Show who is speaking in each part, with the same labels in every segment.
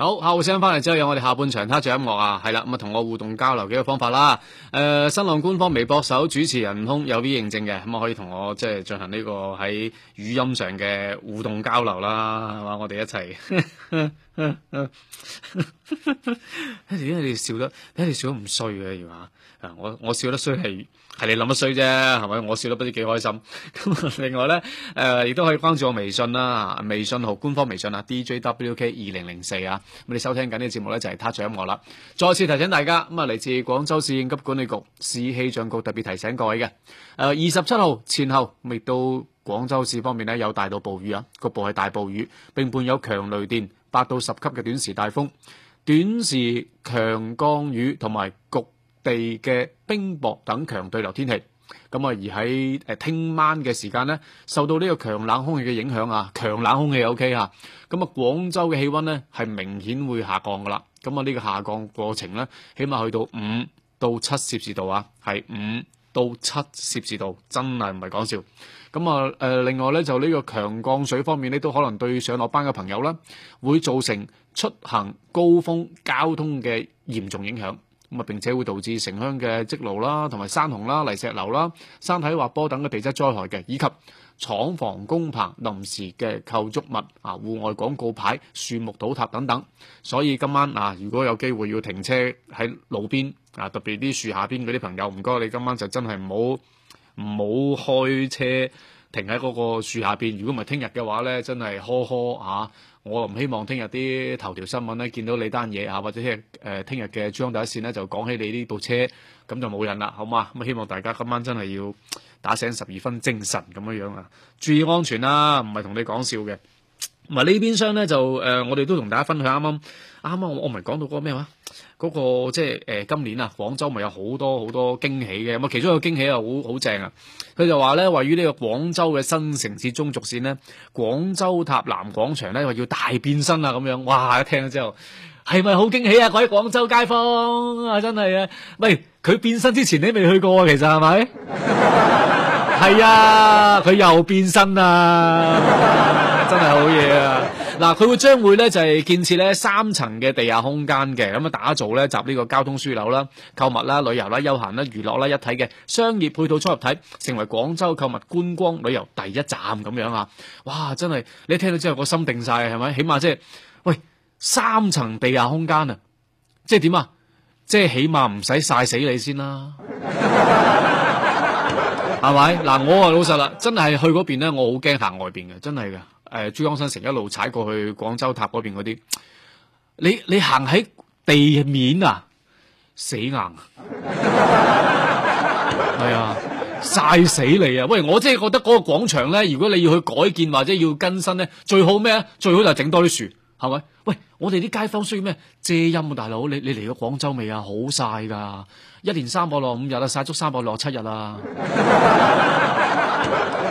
Speaker 1: 好，客戶聲翻嚟之後，有我哋下半場聽住音樂啊，係啦，咁啊同我互動交流幾個方法啦。誒、呃，新浪官方微博首主持人悟空有 V 認證嘅，咁、嗯、啊可以同我即係進行呢個喺語音上嘅互動交流啦，係嘛，我哋一齊。哎，點解你笑得？哎，你笑得唔衰嘅要話，啊，我我笑得衰係。係你諗得衰啫，係咪？我笑得不知幾開心。咁 另外呢，誒亦都可以關注我微信啦，微信號官方微信啊，D J W K 二零零四啊。咁你收聽緊呢個節目呢，就係、是《他掌我》啦。再次提醒大家，咁啊，嚟自廣州市應急管理局市氣象局特別提醒各位嘅，誒二十七號前後，未到廣州市方面呢，有大到暴雨啊，局部係大暴雨，並伴有強雷電、八到十級嘅短時大風、短時強降雨同埋局地嘅冰雹等強對流天氣，咁啊而喺，誒聽晚嘅時間咧，受到呢個強冷空氣嘅影響啊，強冷空氣 OK 啊，咁啊廣州嘅氣溫咧係明顯會下降噶啦，咁啊呢個下降過程咧，起碼去到五到七攝氏度啊，係五到七攝氏度，真係唔係講笑。咁啊誒，另外咧就呢個強降水方面呢都可能對上落班嘅朋友咧，會造成出行高峰交通嘅嚴重影響。咁啊，並且會導致城鄉嘅積澇啦、同埋山洪啦、泥石流啦、山體滑坡等嘅地質災害嘅，以及廠房工棚臨時嘅構築物、啊戶外廣告牌、樹木倒塌等等。所以今晚啊，如果有機會要停車喺路邊啊，特別啲樹下邊嗰啲朋友，唔該你今晚就真係唔好唔好開車。停喺嗰個樹下邊，如果唔係聽日嘅話呢，真係呵呵吓、啊，我唔希望聽日啲頭條新聞呢見到你單嘢啊，或者聽誒聽日嘅珠江第一線呢就講起你呢部車，咁就冇癮啦，好嘛？咁希望大家今晚真係要打醒十二分精神咁樣樣啊，注意安全啦、啊，唔係同你講笑嘅。唔呢邊箱呢，就誒、呃，我哋都同大家分享啱啱啱啱我唔係講到嗰個咩話？嗰個即係誒，今年啊，廣州咪有好多好多驚喜嘅，咁啊，其中一個驚喜啊，好好正啊，佢就話咧，位於呢個廣州嘅新城市中軸線咧，廣州塔南廣場咧，話要大變身啊，咁樣，哇，一聽咗之後，係咪好驚喜啊？各位廣州街坊啊，真係啊，喂，佢變身之前你未去過啊，其實係咪？係啊，佢又變身啊，真係好嘢啊！嗱，佢會將會咧就係建設咧三層嘅地下空間嘅，咁啊打造咧集呢個交通樞紐啦、購物啦、旅遊啦、休閒啦、娛樂啦一體嘅商業配套綜合體，成為廣州購物觀光旅遊第一站咁樣啊！哇，真係你聽到之後個心定晒係咪？起碼即係，喂，三層地下空間啊，即係點啊？即係起碼唔使曬死你先啦，係咪？嗱，我啊老實啦，真係去嗰邊咧，我好驚行外邊嘅，真係噶。誒，珠江新城一路踩過去廣州塔嗰邊嗰啲，你你行喺地面啊，死硬、啊，係啊，曬死你啊！喂，我真係覺得嗰個廣場咧，如果你要去改建或者要更新咧，最好咩啊？最好就整多啲樹，係咪？喂，我哋啲街坊需要咩遮陰啊，大佬！你你嚟過廣州未啊？好曬㗎，一年三百六五日啦，曬足三百六七日啦。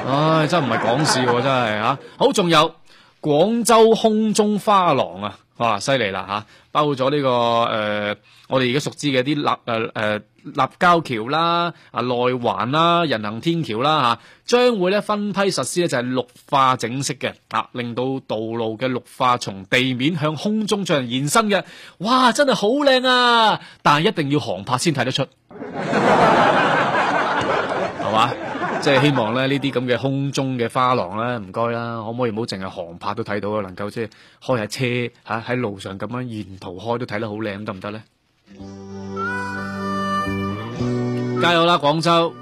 Speaker 1: 唉，真唔係講笑，真係、啊、好，仲有廣州空中花廊啊，哇，犀利啦吓！包括咗、這、呢個誒、呃，我哋而家熟知嘅一啲立誒誒、啊、立交橋啦，啊內環啦，人行天橋啦吓，將、啊、會咧分批實施咧，就係綠化整飾嘅啊，令到道路嘅綠化從地面向空中進行延伸嘅，哇，真係好靚啊！但係一定要航拍先睇得出，係 嘛？即係希望咧，呢啲咁嘅空中嘅花廊咧，唔該啦，可唔可以唔好淨係航拍都睇到夠啊？能夠即係開下車吓喺路上咁樣沿途開都睇得好靚，得唔得咧？加油啦，廣州！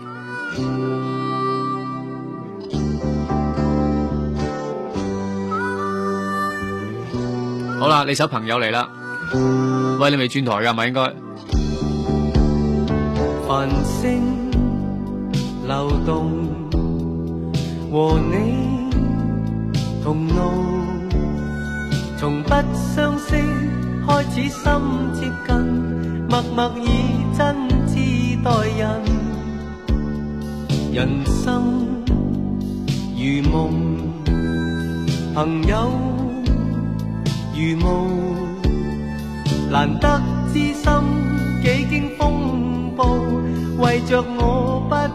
Speaker 1: 好啦，你首朋友嚟啦，喂，你未轉台噶係咪應該？
Speaker 2: 流動和你同路，從不相識開始心接近，默默以真摯待人。人生如夢，朋友如霧，難得知心，幾經風暴，為着我不。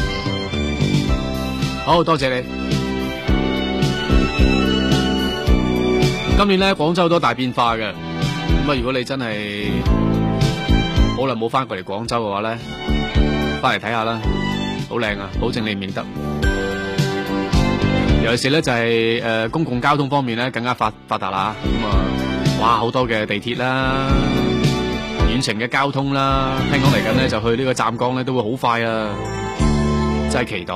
Speaker 1: 好多謝你！今年咧，廣州都大變化嘅，咁啊如果你真係好耐冇翻過嚟廣州嘅話咧，翻嚟睇下啦，好靚啊，保證你唔認得。尤其是咧就係、是、誒、呃、公共交通方面咧更加發發達啦，咁啊哇好多嘅地鐵啦，遠程嘅交通啦，聽講嚟緊咧就去這個呢個湛江咧都會好快啊，真係期待。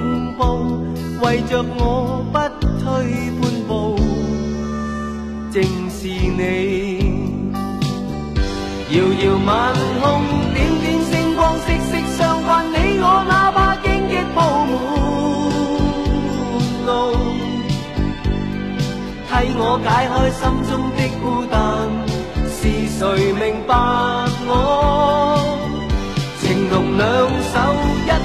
Speaker 2: 為着我不退半步，正是你。遙遙晚空，點點星光，息息相關。你我，哪怕荊棘鋪滿路，替我解開心中的孤單。是誰明白我？情同兩手。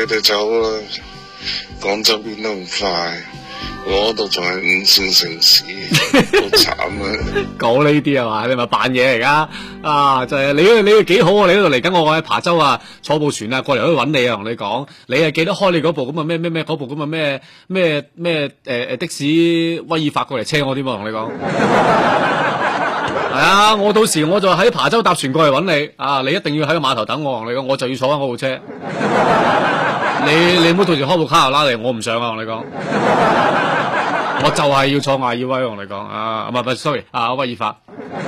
Speaker 2: 你哋走啦、啊！廣州變得咁快，我度仲係五線城市，
Speaker 1: 好慘啊！講呢啲啊嘛，你咪扮嘢而家啊！就係你你幾好啊！你嗰度嚟緊，我我喺琶洲啊，坐部船啊，過嚟度揾你啊！同你講，你係、啊、記得開你嗰部咁啊咩咩咩，嗰部咁啊咩咩咩誒誒的士威爾法過嚟車我添，同你講。 係啊，我到時我就喺琶洲搭船過嚟揾你啊！你一定要喺個碼頭等我，我同你講，我就要坐翻嗰部車。 你你唔好到時開部卡羅拉嚟，我唔想啊！我同你講， 我就係要坐邁爾威，我同你講啊，唔係唔係，sorry，啊，威爾法，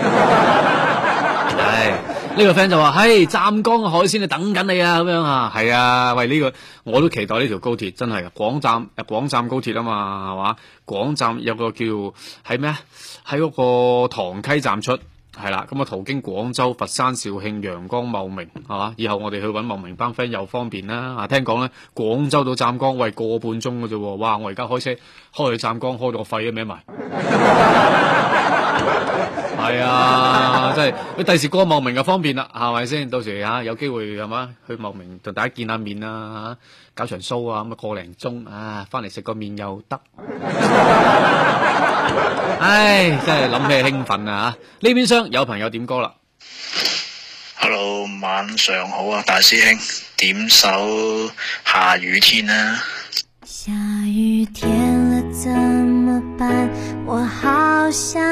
Speaker 1: 唉呢、這個 friend 就話，嘿，湛江嘅海鮮啊，等緊你啊，咁樣啊，係啊，喂，呢、這個我都期待呢條高鐵，真係嘅，廣湛，誒，廣湛高鐵啊嘛，係嘛，廣湛有個叫喺咩啊？喺嗰個棠溪站出，係啦，咁啊，途經廣州、佛山、肇慶、陽江、茂名，係嘛，以後我哋去搵茂名班 friend 又方便啦。啊，聽講咧，廣州到湛江喂個半鐘嘅啫，哇！我而家開車開去湛江，開咗快啲咩埋？ 係啊，真係，佢第時過茂名就方便啦，係咪先？到時吓、啊、有機會係嘛，去茂名同大家見下面啊，吓搞場 show 啊，咁個零鐘啊，翻嚟食個麵又得。 唉，真係諗起興奮啊，呢邊廂有朋友點歌啦。Hello，晚上好啊，大師兄，點首
Speaker 2: 下雨天啦、
Speaker 3: 啊。下雨天了怎麼辦？我好想。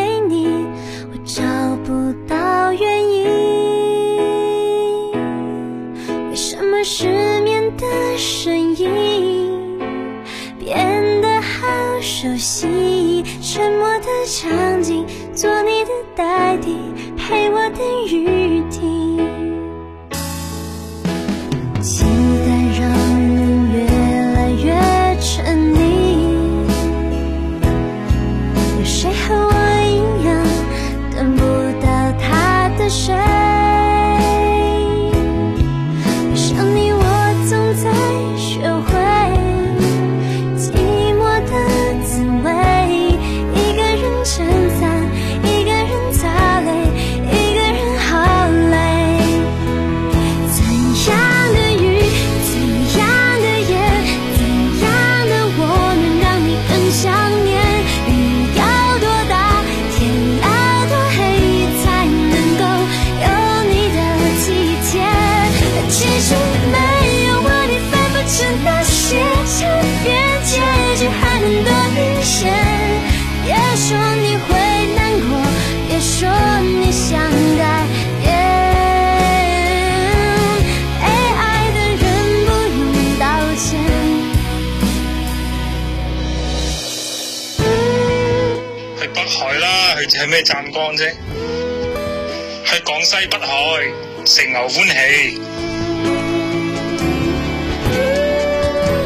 Speaker 4: 食牛
Speaker 1: 歡喜，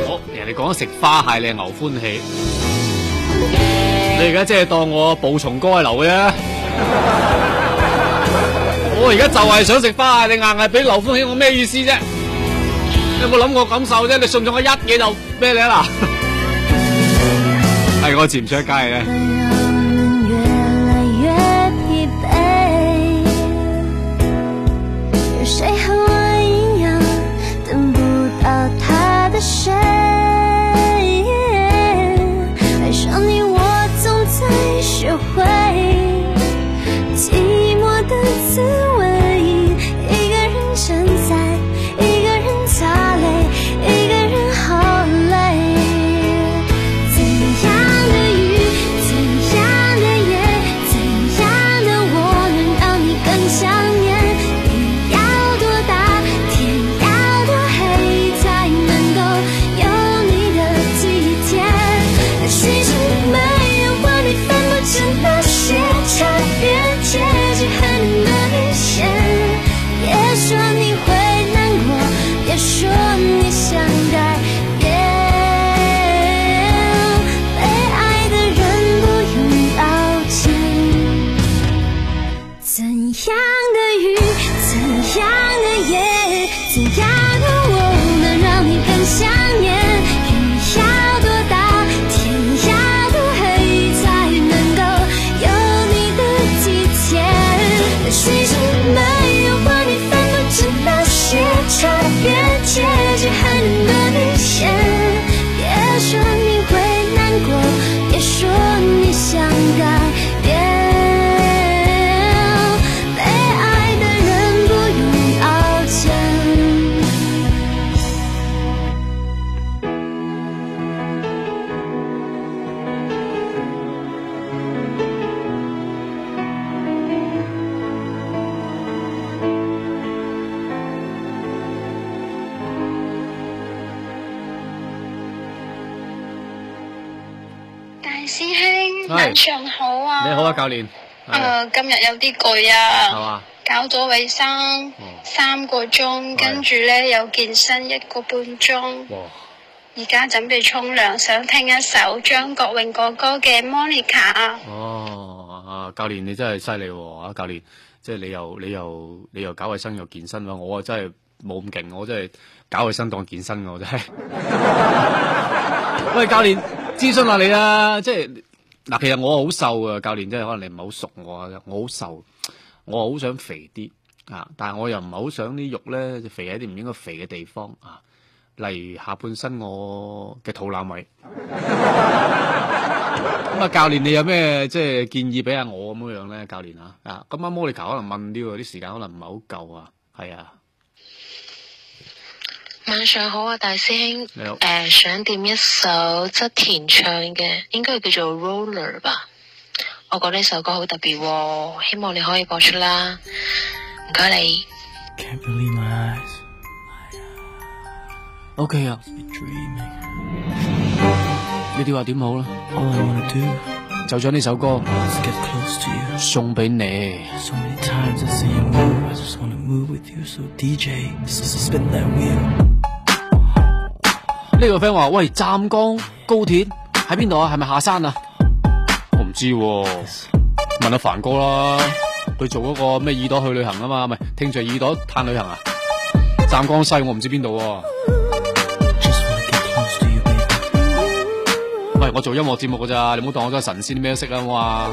Speaker 1: 好、哦、人哋講食花蟹你係牛歡喜，嗯、你而家真係當我暴蟲哥係流嘅啫， 我而家就係想食花蟹，你硬係俾牛歡喜，我咩意思啫？你有冇諗過感受啫？你信唔信我一嘢就咩你啦？嗱，係我接唔出街嘅。
Speaker 3: 誰愛上你，我總在學會寂寞的滋味。
Speaker 1: 教練，
Speaker 5: 誒、呃，今日有啲攰啊，搞咗衛生三個鐘，哦，跟住呢又健身一個半鐘，而、哦、家準備沖涼，想聽一首張國榮哥哥嘅《Monica》。
Speaker 1: 哦，教練你真係犀利喎！啊，教練，即係你又你又你又搞衛生又健身，我啊真係冇咁勁，我真係搞衛生當健身我真係。 喂，教練，諮詢下你啊，即係。嗱，其實我好瘦啊，教練真係可能你唔係好熟我，我好瘦，我好想肥啲啊！但係我又唔係好想啲肉咧，肥喺啲唔應該肥嘅地方啊，例如下半身我嘅肚腩位。咁 啊、 就係，教練你有咩即係建議俾下我咁樣呢？咧？教練啊，啊，今晚摩利卡可能問啲喎，啲時間可能唔係好夠啊，係啊。.
Speaker 3: 晚上好啊，大師兄。你好。誒，想點一首側田唱嘅，應該叫做《Roller》吧？我覺得呢首歌好特別哦，希望你可以播出啦。唔該你。
Speaker 2: Can't believe my eyes。Okay 啊。
Speaker 1: 呢啲話點好咧？就將呢首歌送俾你。呢、這個 friend 話，喂，湛江高鐵喺邊度啊？係咪下山啊？
Speaker 2: 我唔知道、
Speaker 1: 啊，問阿、啊、凡哥啦。佢做嗰個咩耳朵去旅行啊嘛？唔係，聽住耳朵嘆旅行啊？湛江西我唔知邊度、啊。You, 喂，我做音樂節目㗎咋？你唔好當我真係神仙咩識啊嘛？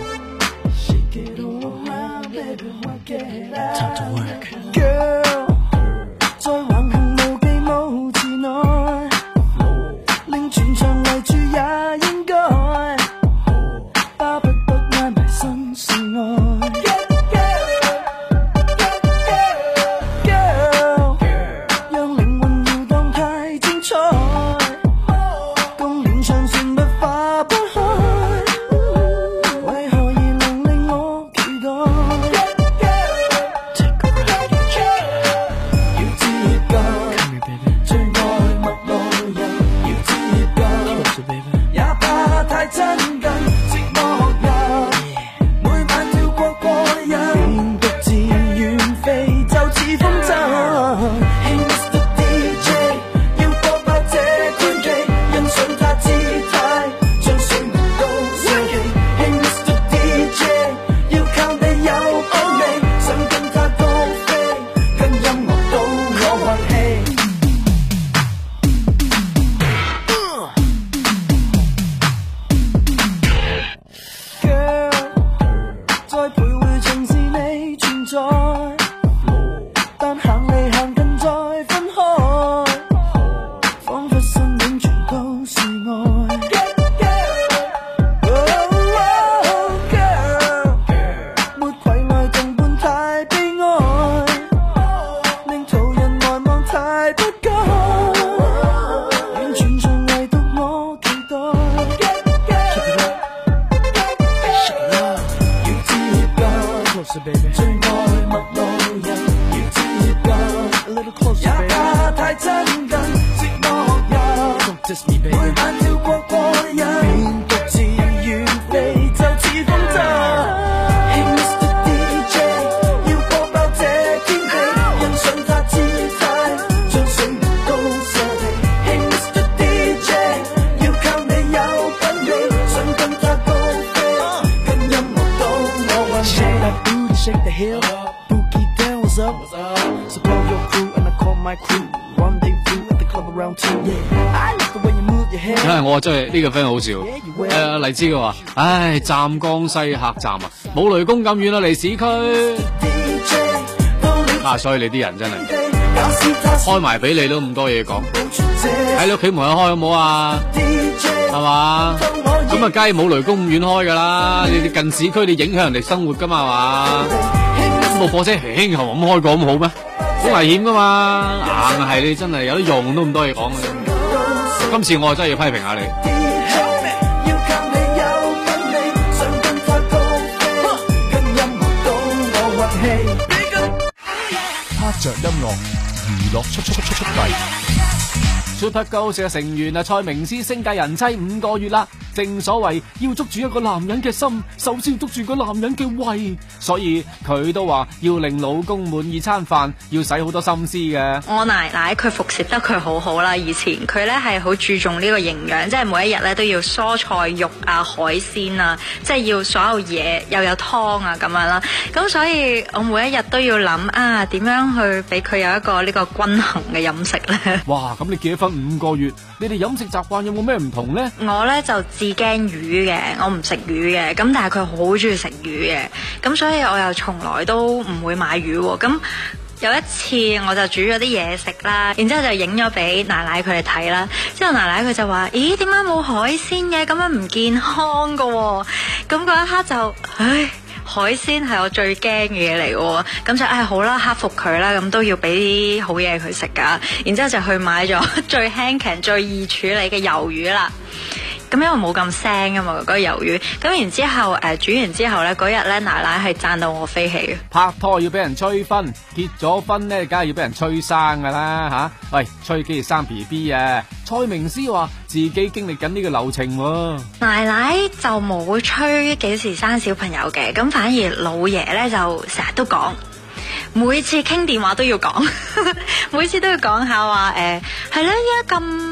Speaker 1: 即係呢個 friend 好笑，誒黎姿佢話，唉湛江西客站啊，冇雷公咁遠啦，離市區。啊，所以你啲人真係開埋俾你都咁多嘢講，喺你屋企門口開好唔好啊？係嘛，咁啊，梗係冇雷公咁遠開噶啦，你近市區你影響人哋生活噶嘛？係嘛，咁部火車輕輕咁開過咁好咩？好危險噶嘛，硬係你真係有啲用都咁多嘢講、啊。今次我真係要批評
Speaker 2: 下你。你你你
Speaker 1: 拍着音樂，娛樂出出出出出地。Super Girls 嘅成員蔡明思星嫁人妻五個月啦。正所謂要捉住一個男人嘅心，首先
Speaker 5: 捉住個男人嘅胃，
Speaker 1: 所以佢都話要令老公滿意餐飯，要使好多心思嘅。
Speaker 5: 我奶奶佢服侍得佢好好啦，以前佢咧係好注重呢個營養，即係每一日咧都要蔬菜肉啊、海鮮啊，即係要所有嘢又有湯啊咁樣啦。咁所以我每一日都要諗啊，點樣去俾佢有一個呢個均衡嘅飲食咧？
Speaker 1: 哇！咁你結咗婚五個月，你哋飲食
Speaker 5: 習慣有冇咩唔同呢？我咧就。我驚魚嘅，我唔食魚嘅，咁但係佢好鍾意食魚嘅，咁所以我又從來都唔會買魚喎。咁有一次我就煮咗啲嘢食啦，然之後就影咗俾奶奶佢哋睇啦。之後奶奶佢就話：咦，點解冇海鮮嘅？咁樣唔健康噶。咁嗰一刻就，唉，海鮮係我最驚嘅嘢嚟喎。咁就唉、哎、好啦，克服佢啦，咁都要俾啲好嘢佢食噶。然之後就去買咗最輕便、最易處理嘅魷魚啦。咁因為冇咁腥啊嘛，嗰、那個魷魚。咁然之後，誒煮完之後咧，嗰日咧奶奶係讚到我飛起嘅。拍拖要俾人催婚，結咗婚
Speaker 1: 咧，梗係要俾人催生噶啦吓。喂、啊哎，催幾時生 B B 啊？蔡明思話自己經歷緊呢個流程，啊。
Speaker 5: 奶奶就冇催幾時生小朋友嘅，咁反而老爺咧就成日都講，每次傾電話都要講， 每次都要講下話，誒係呢？依家咁。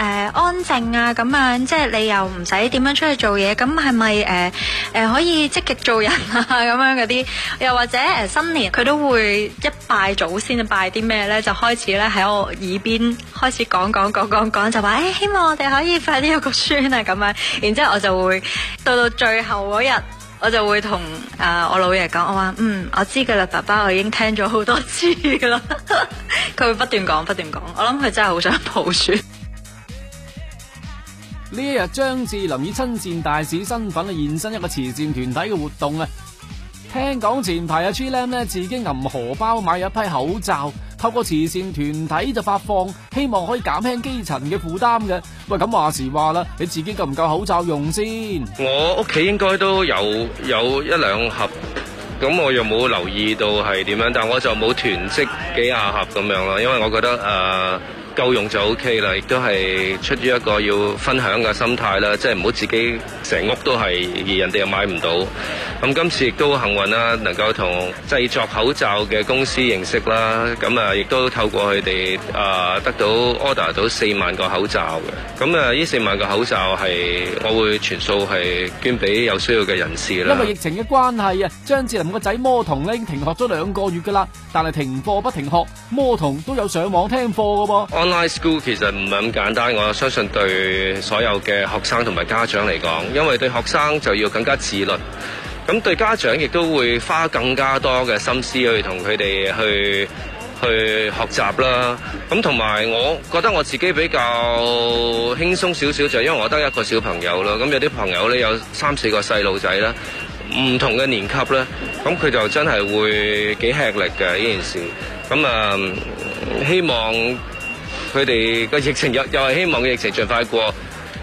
Speaker 5: 呃、安靜啊，咁樣即係你又唔使點樣出去做嘢，咁係咪呃、呃、可以積極做人啊？咁樣嗰啲，又或者新年佢都會一拜祖先拜啲咩呢？就開始咧喺我耳邊開始講講講講講，就話、哎、希望我哋可以快啲有個孫啊咁樣。然之後我就會到到最後嗰日，我就會同、呃、我老爺講，我話嗯我知嘅啦，爸爸，我已經聽咗好多次啦，佢 會不斷講不斷講，我諗佢真係好想抱孫。
Speaker 1: 呢一日，張智霖以親善大使身份啊現身一個慈善團體嘅活動啊。聽講前排阿 Chilam 咧自己揞荷包買一批口罩，透過慈善團體就發放，希望可以減輕基層嘅負擔嘅。喂，咁話時話啦，你自己夠唔夠口罩用先？
Speaker 4: 我屋企應該都有有一兩盒，咁我又冇留意到係點樣，但我就冇囤積幾廿盒咁樣咯，因為我覺得誒。呃夠用就 O K 啦，亦都係出於一個要分享嘅心態啦，即係唔好自己成屋都係，而人哋又買唔到。咁今次亦都幸運啦，能夠同製作口罩嘅公司認識啦，咁啊亦都透過佢哋啊得到 order 到四萬個口罩嘅。咁啊呢四萬個口罩係我會全數係捐俾有需要嘅人士啦。因為疫
Speaker 1: 情嘅關係啊，張智霖個仔魔童已經停學咗兩個月噶啦，但係停課不停學，魔童都有上網聽課噶噃。
Speaker 4: Online school 其實唔係咁簡單，我相信對所有嘅學生同埋家長嚟講，因為對學生就要更加自律，咁對家長亦都會花更加多嘅心思去同佢哋去去學習啦。咁同埋我覺得我自己比較輕鬆少少就係因為我得一個小朋友啦。咁有啲朋友呢有三四個細路仔啦，唔同嘅年級呢，咁佢就真係會幾吃力嘅呢件事。咁啊，希望。佢哋個疫情又又係希望嘅疫情盡快過，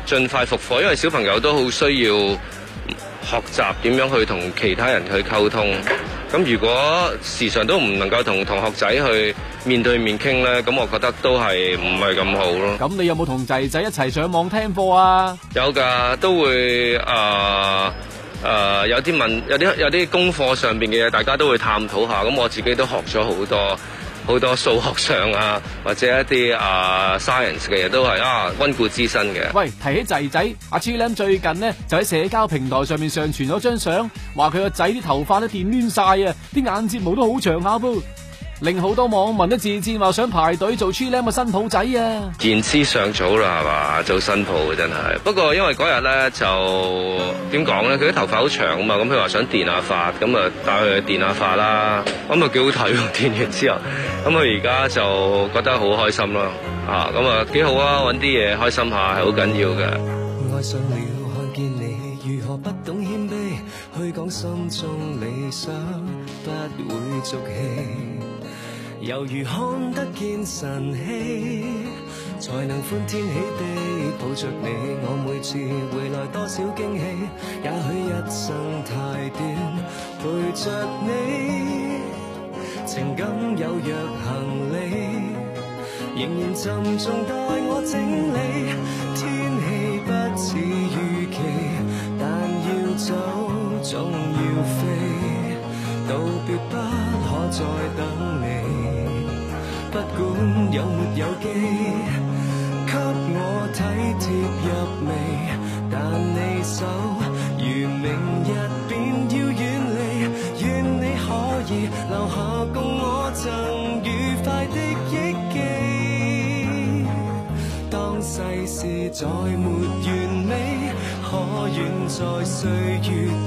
Speaker 4: 盡快復課，因為小朋友都好需要學習點樣去同其他人去溝通。咁如果時常都唔能夠同同學仔去面對面傾咧，咁我覺得都係唔係咁好咯。
Speaker 1: 咁你有冇同仔仔一齊上網聽課啊？
Speaker 4: 有㗎，都會啊啊、呃呃、有啲問，有啲有啲功課上面嘅嘢，大家都會探討下。咁我自己都學咗好多。好多數學上啊，或者一啲、uh, 啊 science 嘅嘢都係啊溫故知新嘅。
Speaker 1: 喂，提起仔仔阿 Chilam 最近呢就喺社交平台上面上傳咗張相，話佢個仔啲頭髮都電攣晒啊，啲眼睫毛都好長下噃。，令好多網民都自
Speaker 4: 薦話想排隊做
Speaker 2: 猶如看得見晨曦，才能歡天喜地抱着你。我每次回來多少驚喜，也許一生太短，陪着你。情感有若行李，仍然沉重待我整理。天氣不似預期，但要走總要飛，道別不可再等你。不管有沒有機，給我體貼入微，但你手如明日便要遠離，願你可以留下共我曾愉快的憶記，當世事再沒完美，可願在歲月。